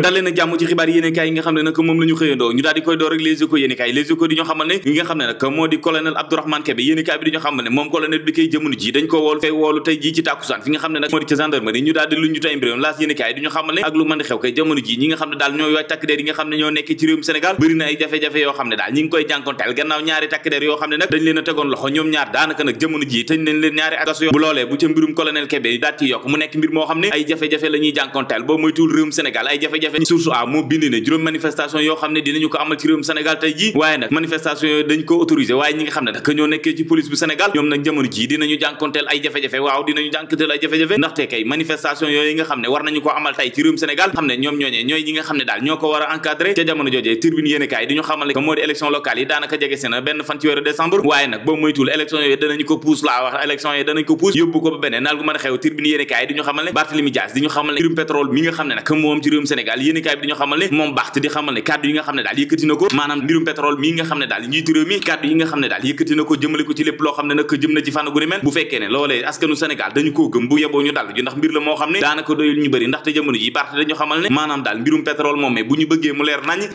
dalee nag jàmm ci xibaar yéenekaay yi nga xam ne nag moom la ñu xëyandoo ñu daal di koy door ak les échos yéenekaay les échos di ñu xamal ne moom colonel bi koy ci a yokk mu nekk mbir moo xam ne ay jafe-jafe la ñuy jànkonteel boo moytuwul réewum Sénégal ay jafe jafe-jafe source a moo bind ne juróom manifestation yoo xam ne dinañu ko amal ci réewum Sénégal tey ji waaye nag manifestation yooyu dañ ko autorisé waaye ñi nga xam ñoo nekkee ci police bu Sénégal ñoom nag jamono ji dinañu amal ne a daanaka jege si na benn fan ci weeru décembre waaye nag boo moytul élection yooyu danañu ko puus laa wax élection yi danañ ko puus yóbbu ko ba beneen naal gu mën a xew turbine yéene di ñu xamal ne Barthélemy Dias di ñu xamal ne pétrole mi nga xam ne nag moom ci réewum Sénégal Sénégal yéen i bi dañoo xamal ne moom baxte di xamal ne kaddu yi nga xam ne daal yëkkati ko maanaam mbirum pétrole mii nga xam ne daal njiitu réew mi kaddu yi ko ci lépp la wax ak ki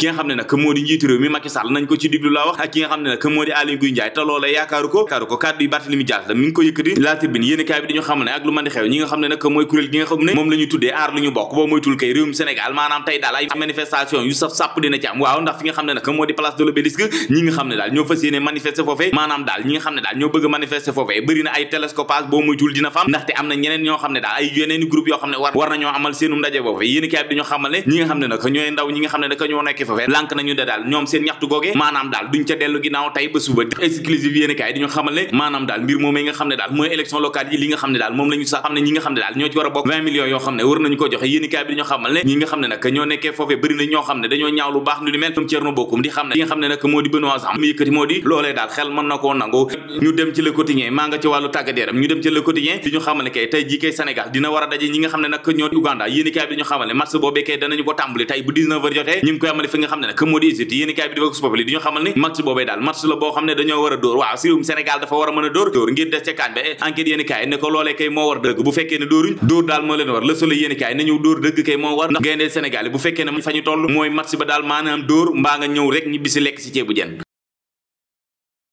nga xam ne nag moo di Aly Ngouille Ndiaye te loolee yaakaaru ko yaakaaru ko kaddu yi Barthélémy Dias la mi ko yëkkati la tribune yéen i bi dañu xamal ne ak lu mën di xew ñi nga xam ne nag mooy kuréel gi nga xam ne moom la tuddee aar lu ñu bokk boo moytul maanaam ndaxte am na ñeneen ñoo xam ne daal ay groupe yoo xam ne war war nañoo amal seenum ndaje boobu yéen kaay bi xamal ne ñi nga xam ne nag nga xam ne nag ñoo nekk foofee lànk nañu de daal ñoom daal duñ ca dellu ginnaaw tey ba suba exclusive yéen kaay dañoo xamal ne maanaam daal mbir moomee nga xam ne daal mooy élection locale yi li nga xam ne daal ne ñi nga xam ne daal ñoo ci war a bokk 20 millions yoo xam ne war nañu ko joxe yéen kaay bi dañoo xamal ne ñi nga xam ne nag ñoo nekkee foofee bëri ñoo xam ne dañoo ñaaw lu baax lu ni mel ñoom mu yëkkati moo boobee daal match la boo xam ne dañoo war a dóor waaw si Sénégal dafa war a mën a dóor dóor daal moo leen war le soleil kaay nañu dóor dëgg kay moo war ndax gaynde Sénégal sénégalais bu fekkee ne fa ñu toll mooy match ba daal maanaam dóor mbaa nga ñëw rek ñibbisi lekk si ceebu jën